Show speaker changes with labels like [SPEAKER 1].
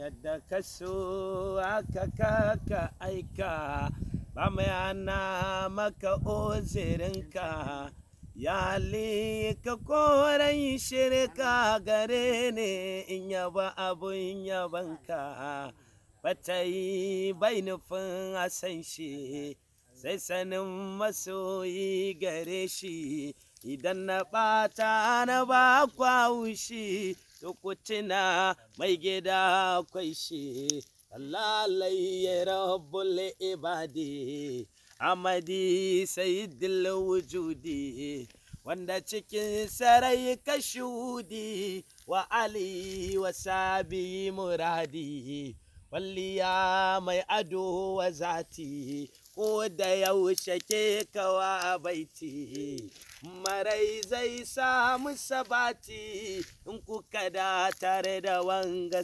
[SPEAKER 1] yadda ka so aka kaka aika ba mai ana maka ozirinka ya ka koren shirka gare ne in yaba abun yabanka ta yi bai nufin a shi sai sanin masoyi gare shi idan na ɓata na ba kwa wushi tukutina mai gida kwai shi lalai ya rabbul ibadi amadi sayyidul wujudi wanda cikin sarai ka shudi wa ali wa sabi muradi kwalliya mai ado wa zati ko da yaushe ke kawa baiti marai zai samu sabati in kuka da tare da wanga